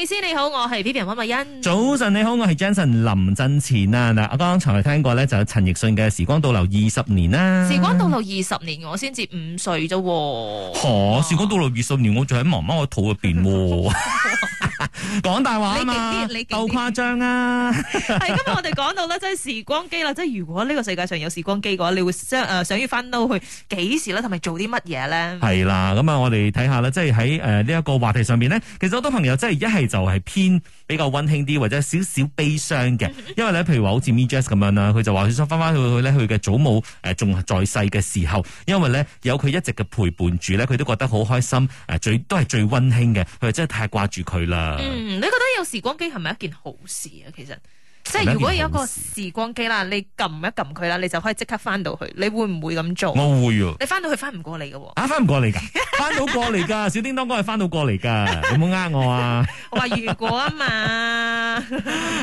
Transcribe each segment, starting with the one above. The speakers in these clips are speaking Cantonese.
李師你好，我係 Baby 溫文欣。早晨你好，我係 Jensen 林振前啊！嗱，我剛才聽過咧就有陳奕迅嘅《時光倒流二十年》啦，啊《時光倒流二十年》我先至五歲啫，嗬，《時光倒流二十年》我仲喺媽媽嘅肚入邊。 講大話啊嘛，夠誇張啊！係 今日我哋講到咧，即係時光機啦，即係如果呢個世界上有時光機嘅話，你會想誒、呃，想要翻到去幾時啦，同埋做啲乜嘢咧？係啦，咁啊，我哋睇下啦，即係喺誒呢一個話題上面咧，其實好多朋友即係一係就係偏比較溫馨啲，或者少少悲傷嘅。因為咧，譬如話好似 Mejus 咁樣啦，佢就話佢想翻翻去去佢嘅祖母誒仲在世嘅時候，因為咧有佢一直嘅陪伴住咧，佢都覺得好開心誒，最都係最溫馨嘅。佢真係太掛住佢啦。嗯。嗯，你覺得有時光機係咪一件好事啊？其實。即係如果有一個時光機啦、嗯，你撳一撳佢啦，你就可以即刻翻到去。你會唔會咁做？我會喎。你翻到去翻唔過嚟嘅喎。啊，翻唔過嚟噶，翻 到過嚟噶，小叮當哥係翻到過嚟噶，有冇呃我啊？ 我話如果啊嘛，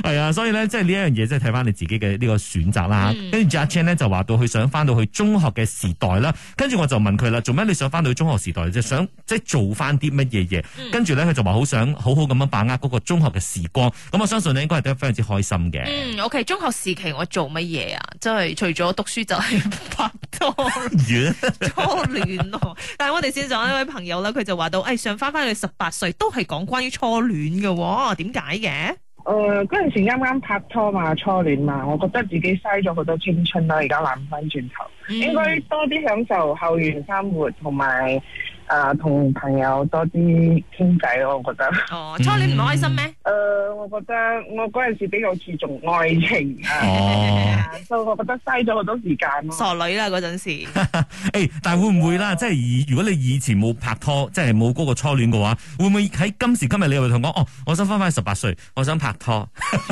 係 啊，所以咧，即係呢一樣嘢，即係睇翻你自己嘅呢個選擇啦。跟住阿 Chan 就話到佢想翻到去中學嘅時代啦，跟住我就問佢啦，做咩你想翻到去中學時代？嗯想即嗯、就想即係做翻啲乜嘢嘢？跟住咧，佢就話好想好好咁樣把握嗰個中學嘅時光。咁我相信你應該係得非常之開心。Yeah. 嗯，OK，中學時期我做乜嘢啊？即、就、係、是、除咗讀書就係拍拖、 初戀戀、啊。初 咯， 但係我哋先上一位朋友啦，佢就話到，誒，上翻翻去十八歲都係講關於初戀嘅，點解嘅？誒、呃，嗰陣時啱啱拍拖嘛，初戀嘛，我覺得自己嘥咗好多青春啦、啊，而家諗翻轉頭，嗯、應該多啲享受校園生活同埋。還有誒、啊，同朋友多啲傾偈咯，我覺得。哦，初戀唔開心咩？誒、嗯、呃，我覺得我嗰陣時比較注重愛情啊、哦、啊，所以我覺得嘥咗好多時間咯、啊。傻女啦嗰陣時。誒、 欸，但係會唔會啦？哦、即係如果你以前冇拍拖，即係冇嗰個初戀嘅話，會唔會喺今時今日你又同我講哦，我想翻翻十八歲，我想拍拖。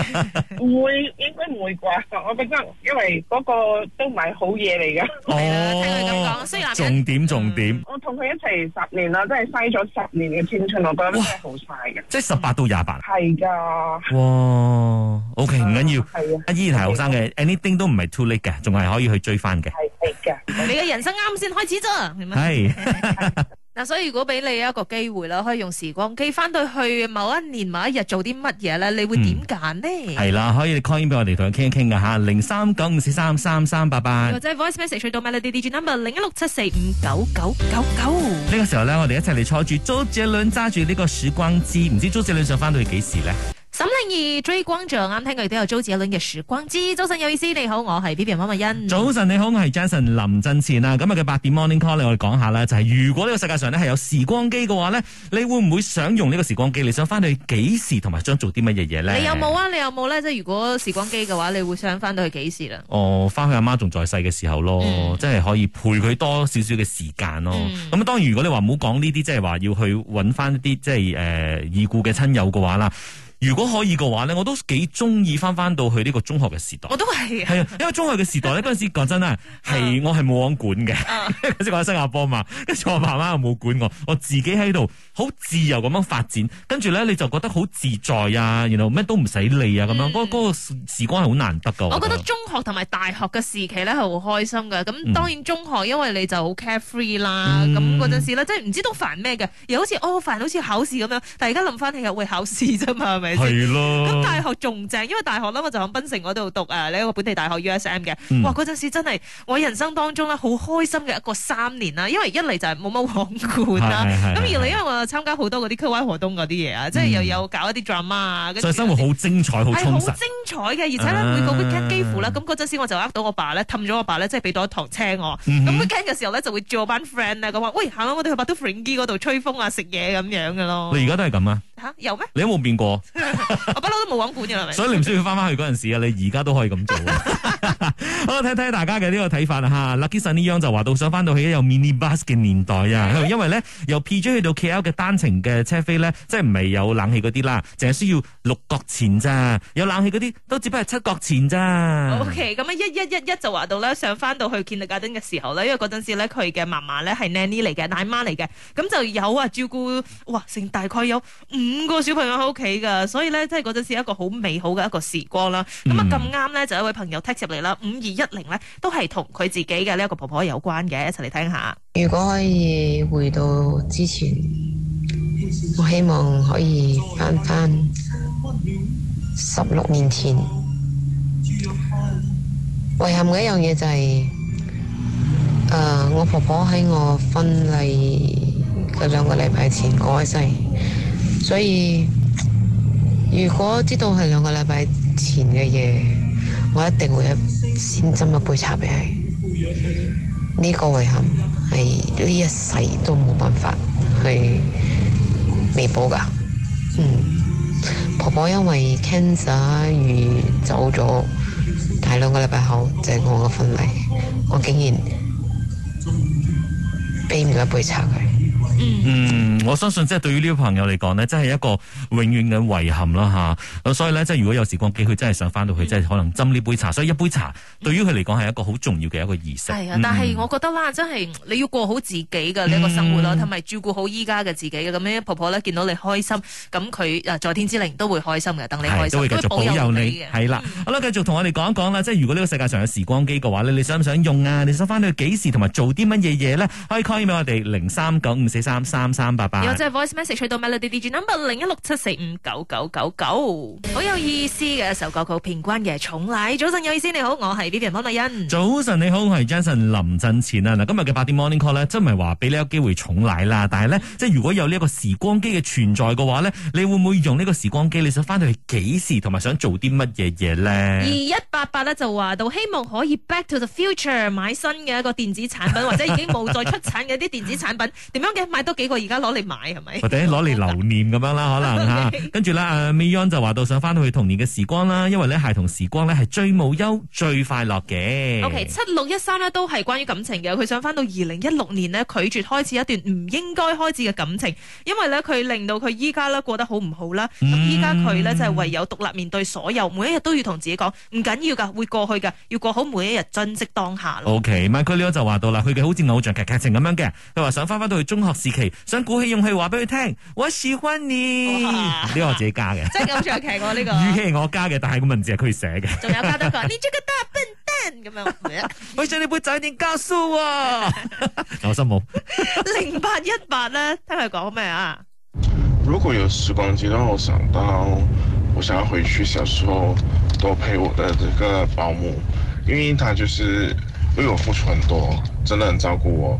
會，應該唔會啩？我覺得因為嗰個都唔係好嘢嚟噶。哦，聽佢咁講。重點重點。嗯、我同佢一齊。十年啦，真係嘥咗十年嘅青春，我覺得真係好快嘅。即係十八到廿八。係噶。哇，OK，唔、啊、緊要。係啊，阿姨係後生嘅，anything 都唔係 too late 嘅，仲係可以去追翻嘅。係，係嘅， 你嘅人生啱先開始咋。係 是的。 嗱、啊，所以如果俾你一個機會啦，可以用時光機翻到去某一年某一日做啲乜嘢咧，你會點揀呢？係、嗯、啦，可以 call in 俾我哋同佢傾一傾嘅吓，零三九五四三三三八八，或者 voice message 去到 Melody digital number 零一六七四五九九九九。呢、這個時候咧，我哋一齊嚟，坐住周杰倫揸住呢個時光機，唔知周杰倫想翻到去幾時咧？岑寧兒追光者啱聽，佢都有周杰倫嘅《時光機》。早晨有意思，你好，我係 B B 溫文欣。早晨你好，我係 Jason 林振倩。啊。今日嘅八點 Morning Call，我哋講下啦，就係、是、如果呢個世界上咧係有時光機嘅話咧，你會唔會想用呢個時光機？你想翻去幾時，同埋想做啲乜嘢嘢咧？你有冇啊？你有冇咧、啊？即係如果時光機嘅話，你會想翻到去幾時啊？哦，翻去阿媽仲在世嘅時候咯，嗯、即係可以陪佢多少少嘅時間咯。咁、嗯嗯、當然，如果你話唔好講呢啲，即係話要去揾翻啲即係誒、呃、已故嘅親友嘅話啦。如果可以嘅話咧，我都幾中意翻翻到去呢個中學嘅時代。我都係，係啊，因為中學嘅時代咧，嗰 陣那時講真 啊， 係我係冇人管嘅。嗰陣時講喺新加坡嘛，跟住我媽媽又冇管我，我自己喺度好自由咁樣發展。跟住咧，你就覺得好自在啊，然後咩都唔使理啊，咁樣嗰個個時光係好難得噶。我覺得中學同埋大學嘅時期咧係好開心㗎。咁當然中學、嗯、因為你就好 carefree 啦、嗯，咁嗰陣時咧即係唔知道都煩咩嘅，又好似哦煩，煩好似考試咁樣。但而家諗翻起又會考試啫嘛，係咪？係咯，咁大學仲正，因為大學咧，我就喺檳城嗰度讀啊，呢一個本地大學 U S M 嘅、嗯，哇嗰陣時真係我人生當中咧好開心嘅一個三年啦，因為一嚟就係冇乜玩冠啦，咁二嚟因為我參加好多嗰啲課外活動嗰啲嘢啊，即、嗯、係又有搞一啲 drama 啊，生活好精彩，好精彩嘅，而且咧每個 weekend 幾乎咧，咁嗰陣時我就呃到我爸咧，氹咗我爸咧，即係俾多一堂車我，咁 weekend 嘅時候咧就會叫班 friend 啊，咁話喂，行啦，我哋去 Batu Ferringhi 嗰度吹風啊，食嘢咁樣嘅咯。你而家都係咁啊？有咩？你有冇變過， 我不嬲都冇揾管嘅啦，係咪？ 所以你唔需要翻翻去嗰陣時啊，你而家都可以咁做。 好睇睇大家嘅呢個睇法啊嚇。Lucky Sun Yang 就話到想翻到去有 mini bus 嘅年代啊、欸，因為咧由 P J 去到 K L 嘅單程嘅車飛咧，即係唔係有冷氣嗰啲啦？淨係需要六角錢咋，有冷氣嗰啲都只不過係七角錢咋。O K，咁啊一一一一就話到咧，想翻到去 kindergarten 嘅時候咧，因為嗰陣時咧佢嘅嫲嫲咧係 nanny 嚟嘅奶媽嚟嘅，咁就有啊照顧哇，成大概有五。五個小朋友喺屋企㗎，所以呢，真係嗰陣時一個好美好嘅一個時光啦。咁、嗯、啊，咁啱呢，就一位朋友 text 入嚟啦。五二一零呢，都係同佢自己嘅呢一個婆婆有關嘅，一齊嚟聽下。如果可以回到之前，我希望可以翻翻十六年前。遺憾嘅一樣嘢就係、是，誒、呃，我婆婆喺我婚禮嗰兩個禮拜前過世。所以，如果知道係兩個禮拜前嘅嘢，我一定會先斟一杯茶俾佢。呢個遺憾係呢一世都冇辦法去彌補㗎。嗯，婆婆因為 cancer 而走咗大兩個禮拜後，就是、我嘅婚禮，我竟然杯唔到一杯茶佢。嗯，嗯，我相信即係對於呢個朋友嚟講呢，真係一個永遠嘅遺憾啦吓。咁所以呢，即係如果有時光機，佢真係想翻到去，即、嗯、係可能斟呢杯茶。所以一杯茶對於佢嚟講係一個好重要嘅一個儀式。係啊嗯、但係我覺得啦，真係你要過好自己嘅呢個生活咯，同埋照顧好依家嘅自己。咁樣婆婆呢，見到你開心，咁佢在天之靈都會開心嘅，等你開心。啊、都會繼續保佑你。係啦、嗯，好啦，繼續同我哋講一講啦。即係如果呢個世界上有時光機嘅話，你想唔想用啊？你想翻到去幾時，同埋做啲乜嘢嘢呢？可以 call 俾我哋零三九五四。03, 95, 45, 三三三八八，有隻 voice message 去到 Melody DJ number 零一六七四五九九九九，好有意思嘅一首歌曲，平關嘅重奶，早晨有意思，你好，我係方麗欣。早晨你好，我係 Jenson 林振前啊，嗱，今日嘅八點 morning call 咧，真係話俾你有機會重嚟啦，但係咧，即係如果有呢一個時光機嘅存在嘅話咧，你會唔會用呢個時光機？你想翻到去幾時，同埋想做啲乜嘢嘢咧？而一八八咧就話到希望可以 back to the future 買新嘅一個電子產品，或者已經冇再出產嘅一啲電子產品，點 樣嘅？買多幾個而家攞嚟買係咪？或者攞嚟留念咁樣啦，可能吓。跟住咧，阿、啊、Mayon 就話到想翻到去童年嘅時光啦，因為咧孩童時光咧係最無憂最快樂嘅。O K，七六一三呢都係關於感情嘅，佢想翻到二零一六年呢，拒絕開始一段唔應該開始嘅感情，因為咧佢令到佢依家咧過得好唔好啦。咁依家佢咧就係、是、唯有獨立面對所有，每一日都要同自己講唔緊要噶，會過去噶，要過好每一日，珍惜當下。O K，Mike 呢個就話到啦，佢嘅好似偶像劇劇情咁樣嘅，佢話想翻翻到去中學。時期想鼓起勇氣話俾佢聽我喜歡你，呢、哦、個我自己加嘅，即係咁。偶像劇我呢個。語氣我加嘅，但係個文字係佢寫嘅。仲有加多句， 你這個大笨蛋咁樣。 我想你會早一點告訴我。想心冇零八一八啦， 聽佢講咩啊？如果有時光機，讓我想到我想要回去小時候，多陪我的這個保姆，因為他就是為我付出很多，真的很照顧我。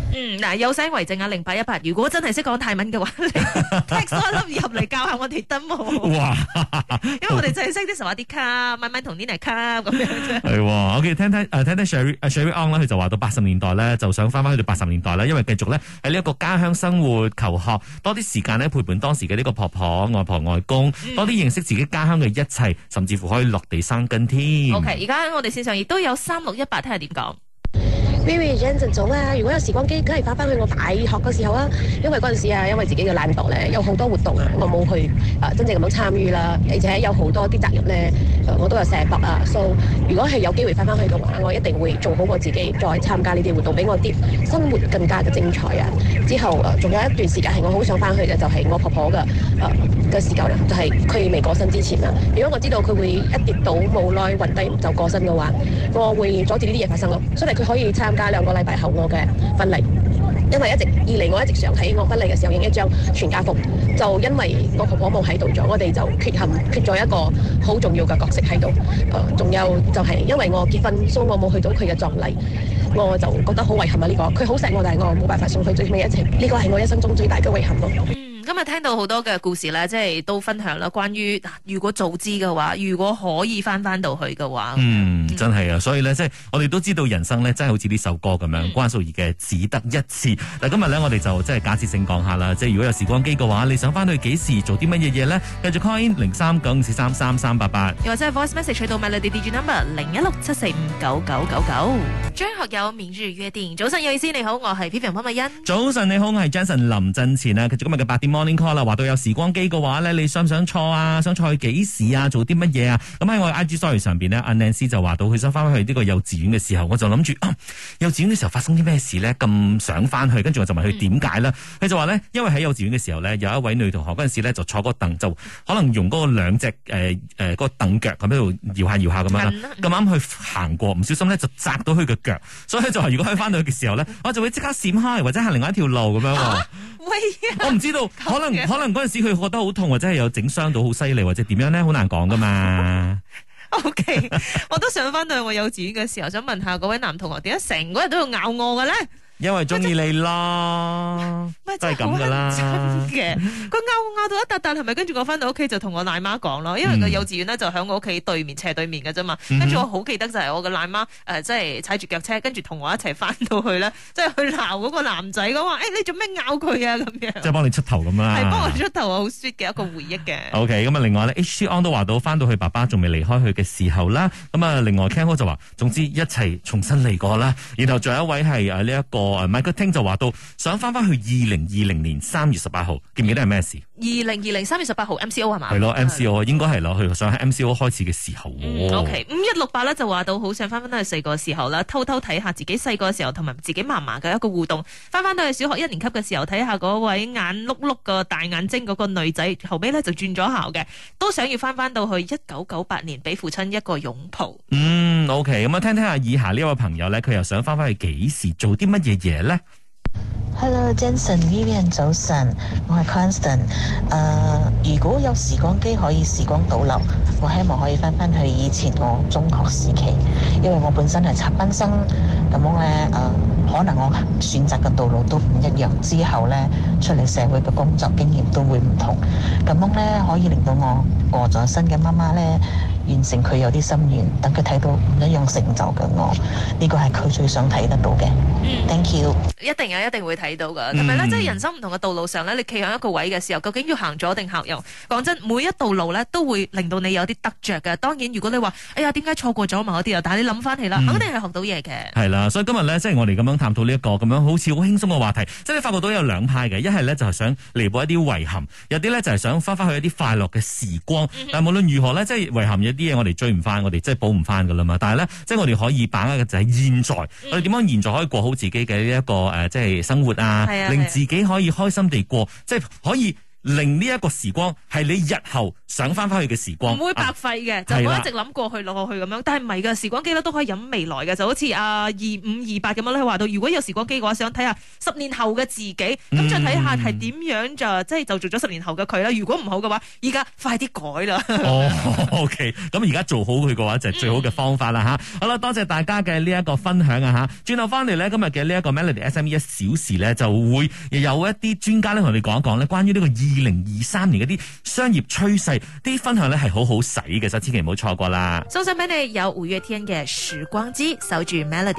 嗯，嗱，有聲為證啊，零八一八。如果真係識講泰文嘅話你，text 粒入嚟教下我哋得冇？哇！因為我哋真係識啲實話啲卡，慢慢同呢啲卡咁樣。係、 嗯，我、okay，見聽聽誒、呃，聽聽 Sherry Sherry On 佢就話到八十年代咧，就想翻翻去到八十年代啦，因為繼續咧喺呢一個家鄉生活，求學多啲時間咧，陪伴當時嘅呢個婆婆、外婆、外公，多啲認識自己家鄉嘅一切，甚至乎可以落地生根添、嗯。OK，而家我哋線上亦都有三六一八，睇下點講。Vivian 總啊，如果有時光機，梗係返翻去我大學嗰時候啊，因為嗰陣時啊，因為自己嘅懶惰咧，有好多活動啊，我冇去啊，真正咁樣參與啦，而且有好多啲責任咧，我都有成日啊，so 如果係有機會返翻去嘅話，我一定會做好我自己，再參加呢啲活動，俾我啲生活更加嘅精彩啊！之後啊，仲有一段時間係我好想返去嘅，就係、是、我婆婆嘅啊嘅時候啦，就係佢未過身之前啦。如果我知道佢會一跌倒，冇耐、暈低就過身嘅話，我會阻止呢啲嘢發生咯。所以佢可以參加兩個禮拜後我嘅婚禮，因為一直以嚟我一直想喺我婚禮嘅時候影一張全家福。就因為我婆婆冇喺度咗，我哋就缺憾缺咗一個好重要嘅角色喺度。仲、呃、有就係因為我結婚，所以我冇去到佢嘅葬禮，我就覺得好遺憾啊！呢、呢個佢好錫我，但係我冇辦法送佢最尾一程。呢、呢個係我一生中最大嘅遺憾咯、啊。今日聽到好多嘅故事咧，即係都分享啦。關於如果早知嘅話，如果可以翻翻到去嘅話，嗯，嗯真係啊！所以咧，即係我哋都知道人生咧，真係好似呢首歌咁樣，關淑怡嘅《只得一次》嗯。嗱，今日咧，我哋就即係假設性講下啦。即係如果有時光機嘅話，你想翻去幾時做啲乜嘢嘢呢？繼續 call in 零三九五四三三三八八，又或者 voice message 到 Melody digital number 零一六七四五九九九九。張學友《明日約定》。早晨，有意思，你好，我係 Perry 潘美欣。早晨，你好，我係 Jason 林振前啊。繼續今日嘅八點 Call 啦，話到有時光機嘅話咧，你想唔想坐啊？想坐去幾時啊？做啲乜嘢啊？咁喺我 IG Story 上邊咧，阿 Nancy 就話到佢想翻去呢個幼稚園嘅時候，我就諗住、啊、幼稚園嘅時候發生啲咩事呢？咁想翻去，跟住我就問佢點解啦？佢、嗯、就話呢，因為喺幼稚園嘅時候呢，有一位女同學嗰陣時咧就坐個凳，就可能用嗰個兩隻誒誒、呃呃那個凳腳咁喺度搖下搖下咁樣啦，咁、嗯、啱去行過，唔小心呢就砸到佢嘅腳，所以就話如果佢翻到去嘅時候呢， 我就會即刻閃開或者行另外一條路咁樣。啊、我唔知道。 可能可能嗰陣時佢覺得好痛或者係有整傷到好犀利或者點樣咧，好難講噶嘛。 o、okay, K，我都想翻到去我幼稚園嘅時候， 想問下嗰位男同學，點解成個人都要咬我嘅咧？因為中意你真真啦，咪就係咁樣啦，真嘅。佢咬咬到一笪笪，係咪跟住我翻到屋企就同我奶媽講咯？因為個幼稚園咧就喺我屋企對面、嗯、斜對面嘅啫嘛。跟住我好記得就係我個奶媽誒、呃即係即係欸啊，即係踩住腳車跟住同我一齊翻到去咧，即係去鬧嗰個男仔嘅話，誒你做咩咬佢啊？咁樣即係幫你出頭咁啦，係幫我出頭啊！好 sweet 嘅一個回憶嘅。OK，咁啊，另外咧，H C on 都話到翻到去爸爸仲未離開佢嘅時候啦。咁啊，另外 Camco 就話總之一齊重新嚟過啦。然後仲有一位係誒呢一個。Michael Ting 就話到想翻翻去二零二零年三月十八號，記唔記得係咩事？二零二零三月十八號 MCO 係嘛？係咯 MCO 是應該係咯，去。佢想喺 MCO 開始嘅時候。O K，五一六八咧就話到好想翻翻去細個時候啦，偷偷睇下自己細個時候同埋自己嫲嫲嘅一個互動，翻翻到去小學一年級嘅時候睇下嗰位眼碌碌個大眼睛嗰個女仔，後尾咧就轉咗校嘅，都想要翻翻到去一九九八年俾父親一個擁抱。嗯，O K，咁啊聽聽一下以下呢位朋友咧，佢又想翻翻去幾時做啲乜嘢嘢咧？Hello，Jason，Vivian，早晨，我係 Constance。誒、uh,，如果有時光機可以時光倒流，我希望可以翻返去以前我中學時期，因為我本身係插班生，咁樣咧誒，uh, 可能我選擇嘅道路都唔一樣，之後咧出嚟社會嘅工作經驗都會唔同，咁樣咧可以令到我過咗身嘅媽媽咧完成佢有啲心願，等佢睇到唔一樣成就嘅我，呢個係佢最想睇得到嘅。Thank you。一定啊，一定會睇到噶，同埋咧，即係人生唔同嘅道路上咧，你企喺一個位嘅時候，究竟要行左定行右？講真，每一道路咧，都會令到你有啲得着噶。當然，如果你話，哎呀，點解錯過咗某一啲啊，但係你諗翻起啦、嗯，肯定係學到嘢嘅。係啦，所以今日咧，即係我哋咁樣探討呢一個咁樣好似好輕鬆嘅話題，即係你發覺到有兩派嘅，一係咧就係想彌補一啲遺憾，有啲咧就係想翻翻去一啲快樂嘅時光。嗯、但係無論如何咧，即係遺憾有啲嘢我哋追唔翻，我哋即係補唔翻噶啦嘛。但係咧，即係我哋可以把握嘅就係現在，嗯、我哋點樣現在可以過好自己嘅呢一個。誒即係生活啊，令自己可以開心地過，係啊，係啊、即係可以。令呢一個時光係你日後想翻翻去嘅時光，唔會白費嘅、啊，就唔好一直諗過去落過去咁樣。但係唔係噶，時光機咧都可以飲未來嘅，就好似啊二五二八咁樣咧，話到如果有時光機嘅話，想睇下十年後嘅自己，咁、嗯、再睇下係點樣就即係、就係、就做咗十年後嘅佢啦。如果唔好嘅話，依家快啲改啦。哦 ，OK，咁而家做好佢嘅話就係最好嘅方法啦，吓、嗯啊。好啦，多謝大家嘅呢一個分享啊，吓。轉頭翻嚟呢，今日嘅呢一個 Melody S M E 一小時呢，就會有一啲專家同你講一講咧，關於呢、這個二零二三年嗰啲商業趨勢啲分享咧，係好好使嘅，所以千祈唔好錯過啦！送上俾你有五月天嘅《時光機，守住 Melody》。